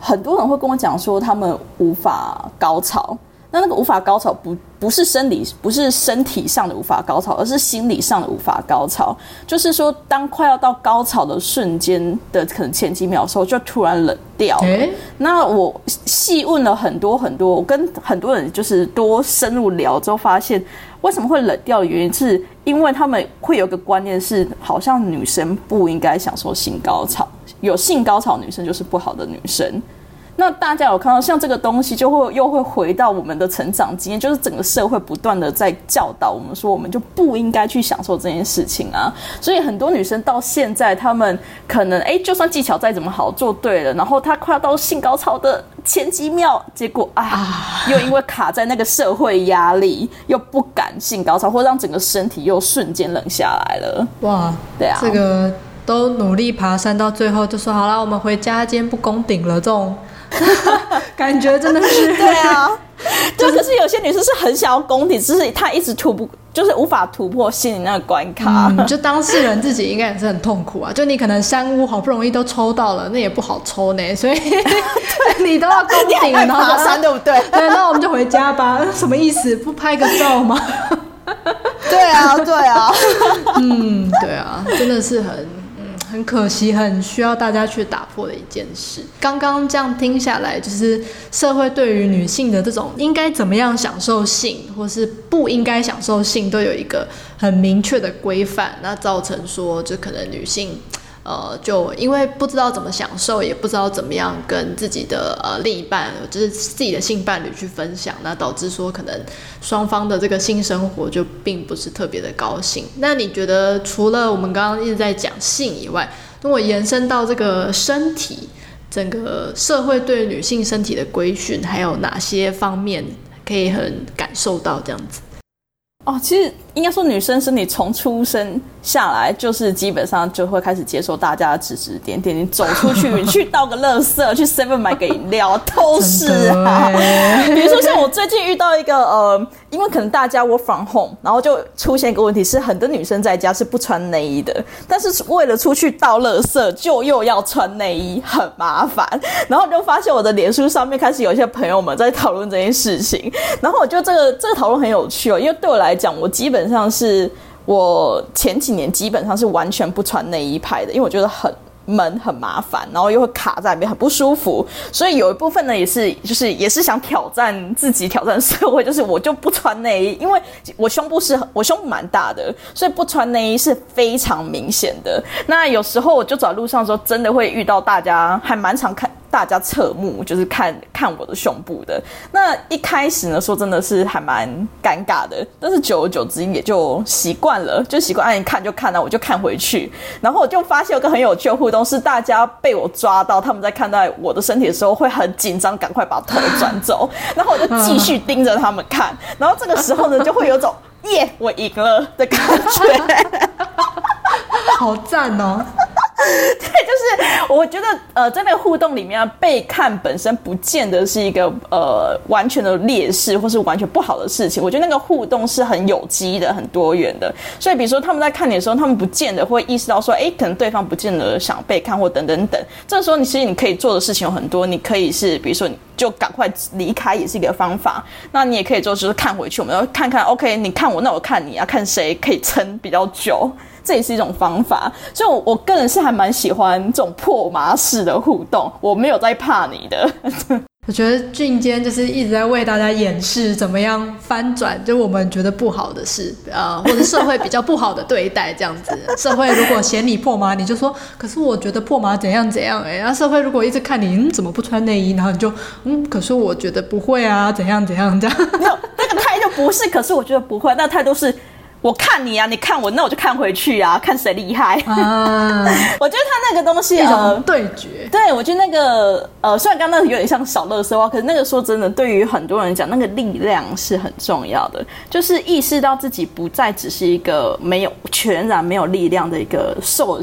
很多人會跟我講說他們無法高潮。那那個無法高潮不不是生理不是身體上的無法高潮，而是心理上的無法高潮。就是說，當快要到高潮的瞬間的可能前幾秒的時候，就突然冷掉、欸。那我細問了很多很多，我跟很多人就是多深入聊之後，發現為什麼會冷掉的原因，是因為他們會有一個觀念是，好像女生不應該享受性高潮，有性高潮女生就是不好的女生。那大家有看到像這個東西，就會又會回到我們的成長經驗，就是整個社會不斷的在教導我們說，我們就不應該去享受這件事情啊。所以很多女生到現在，她們可能哎、欸，就算技巧再怎麼好，做對了，然後她快要到性高潮的前幾秒，結果哎、啊，又因為卡在那個社會壓力，又不敢性高潮，或讓整個身體又瞬間冷下來了。哇，對啊，這個都努力爬山到最後就說好了，我們回家，今天不攻頂了。這種。 *laughs* 感覺真的是 *laughs* 對啊，就是，就可是有些女生是很想要攻頂，只是她一直突不，就是無法突破心理那個關卡。嗯，就當事人自己應該也是很痛苦啊。就你可能山屋好不容易都抽到了，那也不好抽呢，所以 *laughs* 對 *laughs* 你都要攻頂然 *laughs* 爬山，對不 *laughs* 對，那我們就回家吧。 *laughs* 什麼意思？不拍個照嗎 *laughs* 對啊，對啊，對啊， *laughs* *laughs* *laughs* 嗯，對啊，真的是很。很可惜，很需要大家去打破的一件事。剛剛這樣聽下來，就是社會對於女性的這種應該怎麼樣享受性，或是不應該享受性，都有一個很明確的規範，那造成說，就可能女性。呃，就因為不知道怎麼享受，也不知道怎麼樣跟自己的呃另一半，就是自己的性伴侶去分享，那導致說可能雙方的這個性生活就並不是特別的高興。那你覺得除了我們剛剛一直在講性以外，如果延伸到這個身體，整個社會對女性身體的規訓，還有哪些方面可以很感受到這樣子？哦，其實應該說女生是你從出生下來就是基本上就會開始接受大家的指指點點，你走出去，你去倒個垃圾， *laughs* 去 Seven *laughs* 買個飲料都是啊。 *laughs* 比如說像我最近遇到一個呃。因為可能大家 work from home 然後就出現一個問題是，很多女生在家是不穿內衣的，但是為了出去倒垃圾就又要穿內衣，很麻煩。然後就發現我的臉書上面開始有一些朋友們在討論這件事情，然後我就這個這個討論很有趣哦，因為對我來講，我基本上是我前幾年基本上是完全不穿內衣派的，因為我覺得很。門很麻煩，然後又會卡在裡面，很不舒服。所以有一部分呢，也是就是也是想挑戰自己，挑戰社會。就是我就不穿內衣，因為我胸部是我胸部蠻大的，所以不穿內衣是非常明顯的。那有時候我就走在路上的時候，真的會遇到大家還蠻常看。大家側目，就是看看我的胸部的。那一開始呢，說真的是還蠻尷尬的，但是久而久之也就習慣了，就習慣按一看就看啊，我就看回去。然後我就發現有個很有趣的互動，是大家被我抓到，他們在看待我的身體的時候會很緊張，趕快把頭轉走。 *laughs* 然後我就繼續盯着他們看，然後這個時候呢，就會有種耶、yeah, 我贏了的感覺， *laughs* 好讚哦！ *laughs* 對，就是我覺得呃，在那個互動裡面啊，被看本身不見得是一個呃完全的劣勢，或是完全不好的事情。我覺得那個互動是很有機的、很多元的。所以，比如說他們在看你的時候，他們不見得會意識到說，哎，可能對方不見得想被看，或等等等。這個時候，你其實你可以做的事情有很多。你可以是，比如說，你就趕快離開也是一個方法。那你也可以做，就是看回去，我們要看看，OK，你看我，那我看你啊，看誰可以撐比較久。這也是一種方法，所以我個人是還蠻喜歡這種破麻式的互動。我沒有在怕你的。 *laughs* 我覺得俊堅就是一直在為大家演示怎麼樣翻轉，就我們覺得不好的事，呃，或者社會比較不好的對待這樣子。社會如果嫌你破麻，你就說，可是我覺得破麻怎樣怎樣誒。誒、啊、那社會如果一直看你，嗯，怎麼不穿內衣，然後你就，嗯，可是我覺得不會啊，怎樣怎樣這樣。沒有，那個態度不是，可是我覺得不會，那個、態度是。我看你啊，你看我，那我就看回去啊，看誰厲害。啊、 *laughs* 我覺得他那個東西一種對決、呃。對，我覺得那個呃，雖然剛剛有點像小樂色化，可是那個說真的，對於很多人講，那個力量是很重要的，就是意識到自己不再只是一個沒有、全然沒有力量的一個受。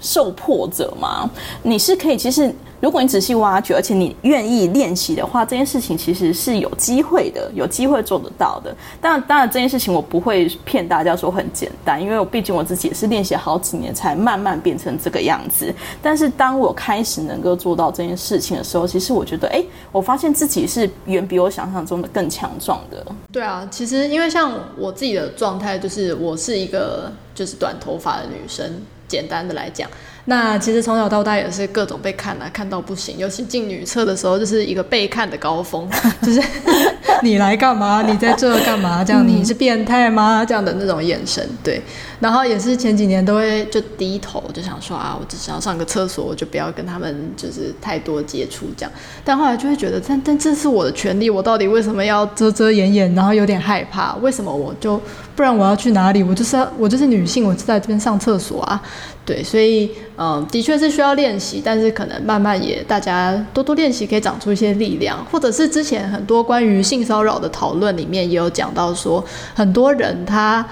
受迫者嗎？你是可以，其實如果你仔細挖掘，而且你願意練習的話，這件事情其實是有機會的，有機會做得到的。但當然，當然這件事情我不會騙大家說很簡單，因為我畢竟我自己也是練習好幾年才慢慢變成這個樣子。但是當我開始能夠做到這件事情的時候，其實我覺得，哎，我發現自己是遠比我想象中的更強壯的。對啊，其實因為像我自己的狀態，就是我是一個就是短頭髮的女生。簡單的來講，那其實從小到大也是各種被看啊，看到不行。尤其進女廁的時候，就是一個被看的高峰， *laughs* 就是 *laughs* *laughs* 你來幹嘛？你在這幹嘛？這樣你是變態嗎？嗯、這樣的那種眼神，對。然後也是前幾年都會就低頭就想說啊，我只是要上個廁所，我就不要跟他們就是太多接觸這樣。但後來就會覺得，但但這是我的權利，我到底為什麼要遮遮掩掩？然後有點害怕，為什麼我就不然我要去哪裡？我就是要我就是女性，我就在這邊上廁所啊。對，所以嗯，的確是需要練習，但是可能慢慢也大家多多練習可以長出一些力量。或者是之前很多關於性騷擾的討論裡面也有講到說，很多人他。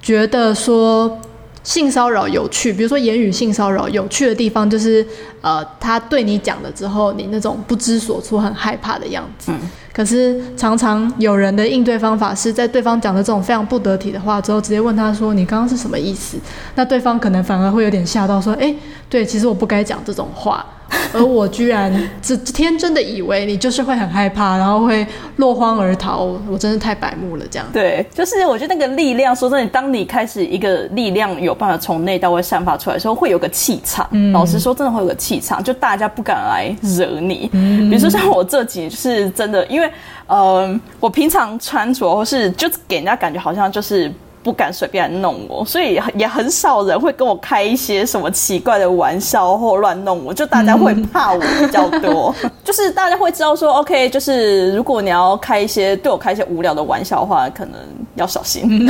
覺得說性騷擾有趣，比如說言語性騷擾有趣的地方，就是呃，他對你講了之後，你那種不知所措、很害怕的樣子。嗯。可是常常有人的應對方法是在對方講的這種非常不得體的話之後，直接問他說：“你剛剛是什麼意思？”那對方可能反而會有點嚇到，說：“欸，對，其實我不該講這種話。” *laughs* 而我居然只天真的以為你就是會很害怕，然後會落荒而逃，我真的太白目了這樣。對，就是我覺得那個力量，說真的，當你開始一個力量有辦法從內到外散發出來的時候，會有個氣場，嗯。老實說，真的會有個氣場，就大家不敢來惹你。嗯，比如說像我自己，就是真的，因為呃，我平常穿着或是就給人家感覺好像就是。不敢隨便來弄我，所以也很少人會跟我開一些什麼奇怪的玩笑或亂弄我，就大家會怕我比較多。嗯、 *laughs* 就是大家會知道說，OK，就是如果你要開一些對我開一些無聊的玩笑的話，可能要小心。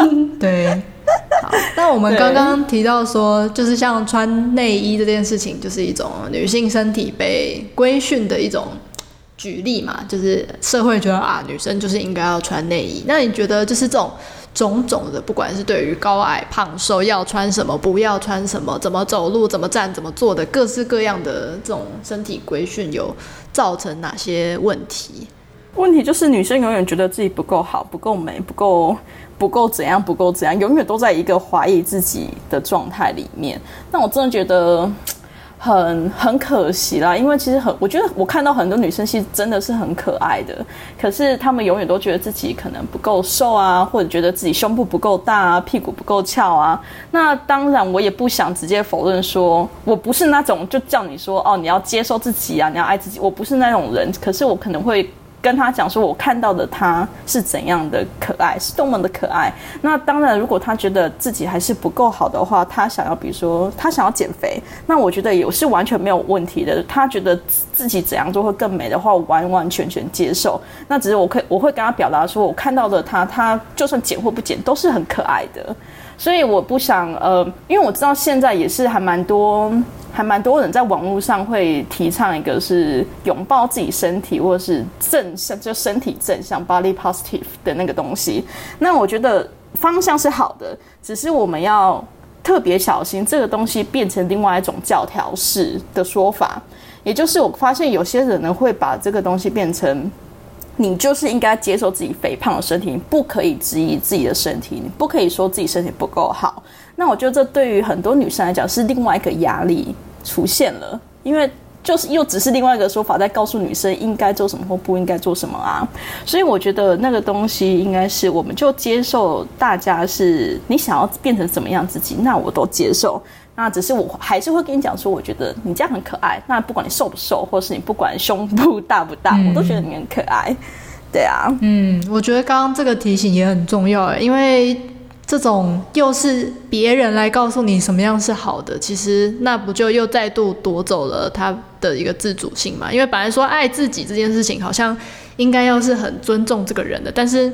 *laughs* 對。好，那我們剛剛提到說，就是像穿內衣這件事情，就是一種女性身體被規訓的一種舉例嘛，就是社會覺得啊，女生就是應該要穿內衣。那你覺得就是這種？種種的，不管是對於高矮、胖瘦，要穿什麼，不要穿什麼，怎麼走路，怎麼站，怎麼坐的，各式各樣的這種身體規訓，有造成哪些問題？問題就是女生永遠覺得自己不夠好，不夠美，不夠不夠怎樣，不夠怎樣，永遠都在一個懷疑自己的狀態裡面。那我真的覺得。很很可惜啦，因為其實很，我覺得我看到很多女生是真的是很可愛的，可是她們永遠都覺得自己可能不夠瘦啊，或者覺得自己胸部不夠大啊，屁股不夠翹啊。那當然，我也不想直接否認說，我不是那種就叫你說哦，你要接受自己啊，你要愛自己，我不是那種人。可是我可能會。跟他講說，我看到的他是怎樣的可愛，是多麼的可愛。那當然，如果他覺得自己還是不夠好的話，他想要，比如說他想要減肥，那我覺得也是完全沒有問題的。他覺得自己怎樣做會更美的話，我完完全全接受。那只是我可以，我會跟他表達說，我看到的他，他就算減或不減都是很可愛的。所以我不想呃，因為我知道現在也是還蠻多，還蠻多人在網絡上會提倡一個是擁抱自己身體，或者是正向就身體正向 （body positive） 的那個東西。那我覺得方向是好的，只是我們要特別小心這個東西變成另外一種教條式的說法。也就是我發現有些人呢會把這個東西變成。你就是應該接受自己肥胖的身體，你不可以質疑自己的身體，你不可以說自己身體不夠好。那我覺得這對於很多女生來講是另外一個壓力出現了，因為就是又只是另外一個說法在告訴女生應該做什麼或不應該做什麼啊。所以我覺得那個東西應該是我們就接受大家是你想要變成怎麼樣自己，那我都接受。那只是我還是會跟你講說，我覺得你這樣很可愛。那不管你瘦不瘦，或是你不管胸部大不大，嗯、我都覺得你很可愛。對啊，嗯，我覺得剛剛這個提醒也很重要哎，因為這種又是別人來告訴你什麼樣是好的，其實那不就又再度奪走了他的一個自主性嘛？因為本來說愛自己這件事情，好像應該要是很尊重這個人的，但是。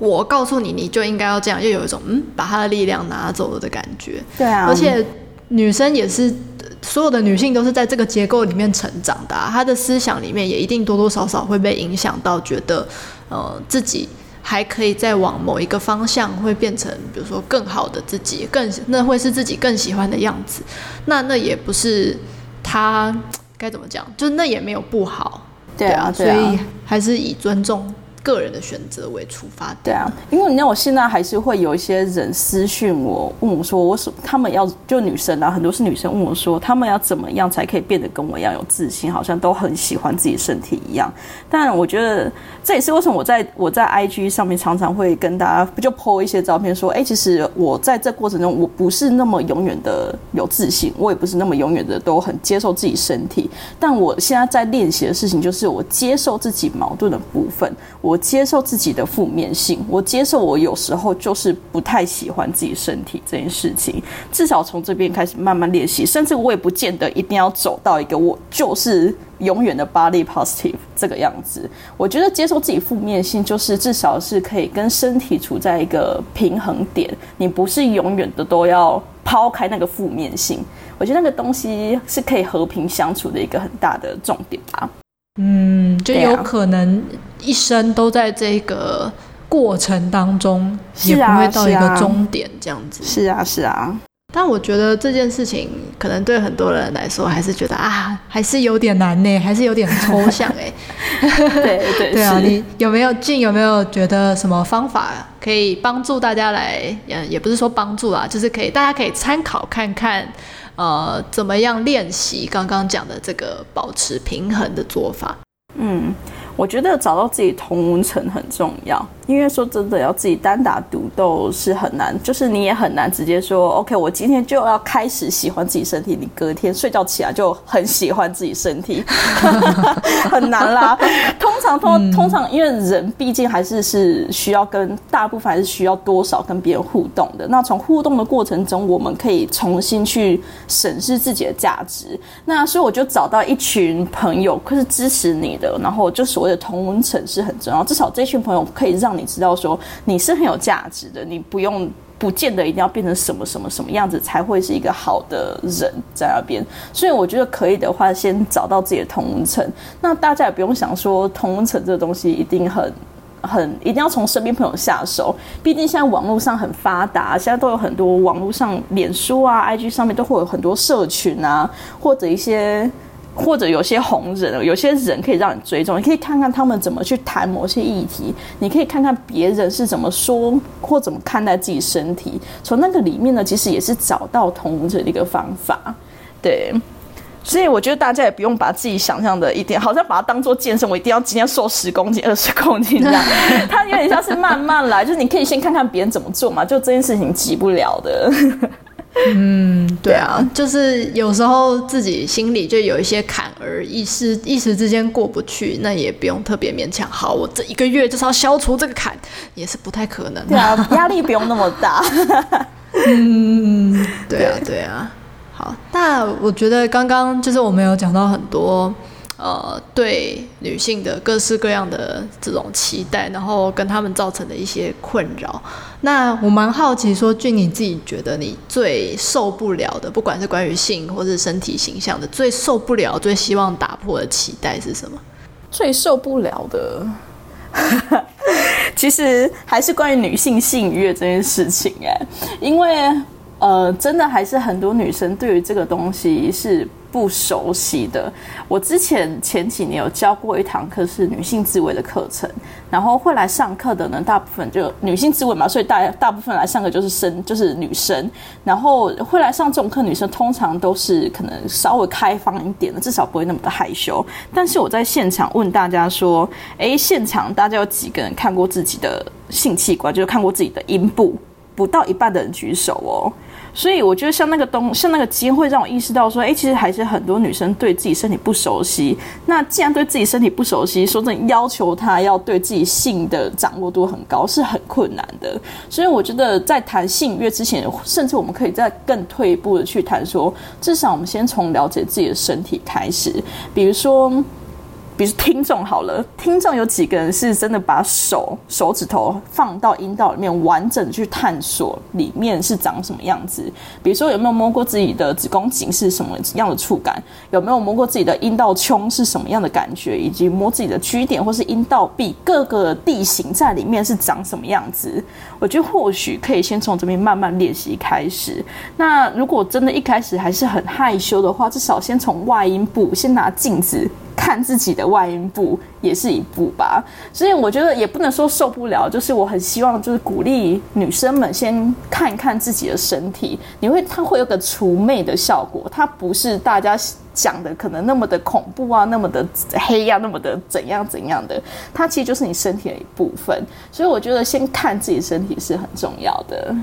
我告訴你，你就應該要這樣，又有一種嗯，把他的力量拿走了的感覺。對啊。而且女生也是，所有的女性都是在這個結構裡面成長的啊，她的思想裡面也一定多多少少會被影響到，覺得呃自己還可以再往某一個方向，會變成比如說更好的自己，更那會是自己更喜歡的樣子。那那也不是她該怎麼講，就那也沒有不好。對啊，對啊。所以還是以尊重個人的選擇為出發點啊，因為你知道，我現在還是會有一些人私訊我，問我說我什，他們要就女生啊，很多是女生問我說，他們要怎麼樣才可以變得跟我一樣有自信，好像都很喜歡自己身體一樣。但我覺得這也是為什麼我在我在 I G 上面常常會跟大家不就 po 一些照片，說，哎、欸，其實我在這過程中，我不是那麼永遠的有自信，我也不是那麼永遠的都很接受自己身體。但我現在在練習的事情，就是我接受自己矛盾的部分。我我接受自己的負面性，我接受我有時候就是不太喜歡自己身體這件事情。至少從這邊開始慢慢練習，甚至我也不見得一定要走到一個我就是永遠的 body positive 這個樣子。我覺得接受自己負面性，就是至少是可以跟身體處在一個平衡點。你不是永遠的都要拋開那個負面性。我覺得那個東西是可以和平相處的一個很大的重點吧。嗯，就有可能。對啊。一生都在這個過程當中，也不會到一個終點，這樣子。是啊，是啊。是啊，是啊。但我覺得這件事情可能對很多人來說，還是覺得啊，還是有點難呢，還是有點抽象哎。 *laughs* 對，對， *laughs* 對啊，你有沒有進有沒有覺得什麼方法可以幫助大家來？嗯，也不是說幫助啊，就是可以，大家可以參考看看，呃，怎麼樣練習剛剛講的這個保持平衡的做法。嗯。我覺得找到自己同溫層很重要。因為說真的，要自己單打獨鬥是很難，就是你也很難直接說 OK，我今天就要開始喜歡自己身體，你隔天睡覺起來就很喜歡自己身體。 *laughs* 很難啦。通常通通常，因為人畢竟還是是需要跟大部分還是需要多少跟別人互動的。那從互動的過程中，我們可以重新去審視自己的價值。那所以我就找到一群朋友，可，就是支持你的，然後就所謂的同溫層是很重要，至少這群朋友可以讓你，你知道說你是很有價值的，你不用不見得一定要變成什麼什麼什麼樣子才會是一個好的人在那邊，所以我覺得可以的話，先找到自己的同溫層。那大家也不用想說同溫層這個東西一定很很一定要從身邊朋友下手，畢竟現在網絡上很發達，現在都有很多網絡上，臉書啊、IG 上面都會有很多社群啊，或者一些。或者有些紅人，有些人可以讓你追蹤，你可以看看他們怎麼去談某些議題，你可以看看別人是怎麼說或怎麼看待自己身體，從那個裡面呢，其實也是找到同理的一個方法。對，所以我覺得大家也不用把自己想象的一點，好像把它當做健身，我一定要今天瘦十公斤、二十公斤這樣，它有點像是慢慢來，就是你可以先看看別人怎麼做嘛，就這件事情急不了的。嗯，對啊，就是有時候自己心裡就有一些坎而一時一時之間過不去，那也不用特別勉強。好，我這一個月就是要消除這個坎，也是不太可能的啊。對啊，壓力不用那麼大。 *laughs* 嗯，對啊，對啊。好，那我覺得剛剛就是我們有講到很多。呃，對女性的各式各樣的這種期待，然後跟他們造成的一些困擾。那我蠻好奇，說 Jing 你自己覺得你最受不了的，不管是關於性或者身體形象的，最受不了、最希望打破的期待是什麼？最受不了的， *laughs* *laughs* 其實還是關於女性性愉悅這件事情耶，因為，呃，真的還是很多女生對於這個東西是不熟悉的。我之前前幾年有教過一堂課是女性自慰的課程，然後會來上課的呢，大部分就女性自慰嘛，所以大大部分來上課就是生就是女生，然後會來上這種課，女生通常都是可能稍微開放一點的，至少不會那麼的害羞。但是我在現場問大家說，誒，現場大家有幾個人看過自己的性器官，就是看過自己的陰部？不到一半的人舉手哦。所以我覺得像那個東，像那個機會讓我意識到說，誒，其實還是很多女生對自己身體不熟悉。那既然對自己身體不熟悉，說真的要求她要對自己性的掌握度很高是很困難的。所以我覺得在談性慾之前，甚至我們可以再更退一步的去談說，至少我們先從了解自己的身體開始，比如說。比如聽眾好了，聽眾有幾個人是真的把手手指頭放到陰道裡面，完整去探索裡面是長什麼樣子？比如說有沒有摸過自己的子宮頸是什麼樣的觸感？有沒有摸過自己的陰道穹是什麼樣的感覺？以及摸自己的屈點或是陰道壁各個地形在裡面是長什麼樣子？我覺得或許可以先從這邊慢慢練習開始。那如果真的一開始還是很害羞的話，至少先從外陰部先拿鏡子看自己的。外陰部也是一部吧，所以我覺得也不能說受不了，就是我很希望就是鼓勵女生們先看一看自己的身體，因為它會有個除魅的效果，它不是大家講的可能那麼的恐怖啊，那麼的黑啊，那麼的怎樣怎樣的，它其實就是你身體的一部分，所以我覺得先看自己身體是很重要的。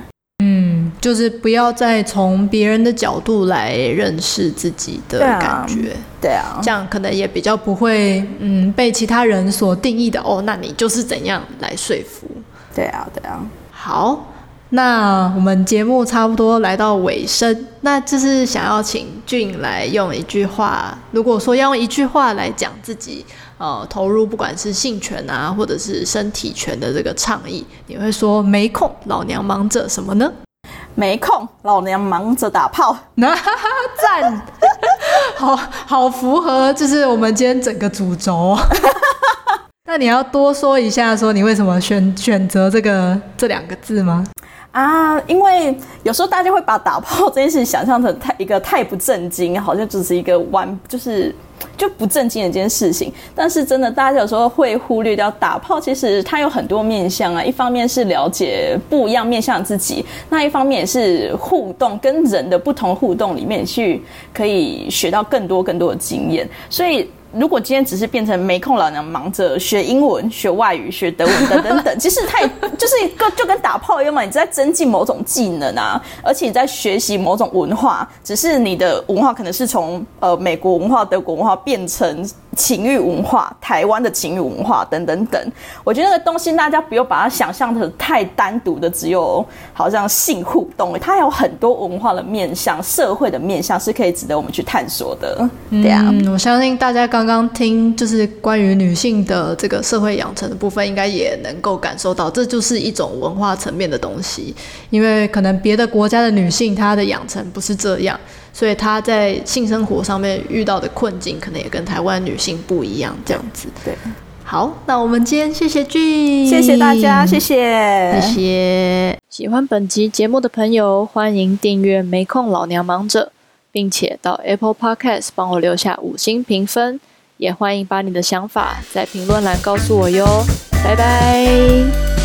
就是不要再從別人的角度來認識自己的感覺。對啊，對啊，這樣可能也比較不會，嗯，被其他人所定義的哦。那你就是怎樣來說服？對啊，對啊。好，那我們節目差不多來到尾聲，那就是想要請 Jing 來用一句話，如果說要用一句話來講自己，呃，投入不管是性權啊，或者是身體權的這個倡議，你會說沒空，老娘忙着什麼呢？沒空，老娘忙着打炮。那 *laughs* 讚，好，好符合，就是我們今天整個主軸。哈哈哈，那你要多說一下，說你為什麼選選擇這個這兩個字嗎？啊，因為有時候大家會把打炮這件事情想象成太一個太不正經，好像只是一個玩，就是就不正經的一件事情。但是真的，大家有時候會忽略掉打炮，其實它有很多面向啊。一方面是了解不一樣面向自己，那一方面也是互動跟人的不同互動裡面去可以學到更多更多的經驗，所以。如果今天只是變成沒空，老娘忙着學英文，學外語，學德文的等等，其實它也就是一個，就跟打炮一樣嘛，你在增進某種技能啊，而且你在學習某種文化，只是你的文化可能是從呃美國文化，德國文化變成。情欲文化，台灣的情欲文化等等等，我覺得那個東西大家不要把它想象的太單獨的，只有好像性互動，它有很多文化的面向、社會的面向，是可以值得我們去探索的。嗯，對啊，我相信大家剛剛聽就是關於女性的這個社會養成的部分，應該也能夠感受到，這就是一種文化層面的東西，因為可能別的國家的女性她的養成不是這樣。所以他在性生活上面遇到的困境，可能也跟台灣女性不一樣這樣子對。好，那我們今天謝謝 Jing，謝謝大家，謝謝。謝謝喜歡本集節目的朋友，歡迎訂閱《沒空老娘忙着》，並且到 Apple Podcast 幫我留下五星評分，也歡迎把你的想法在評論欄告訴我喲。拜拜。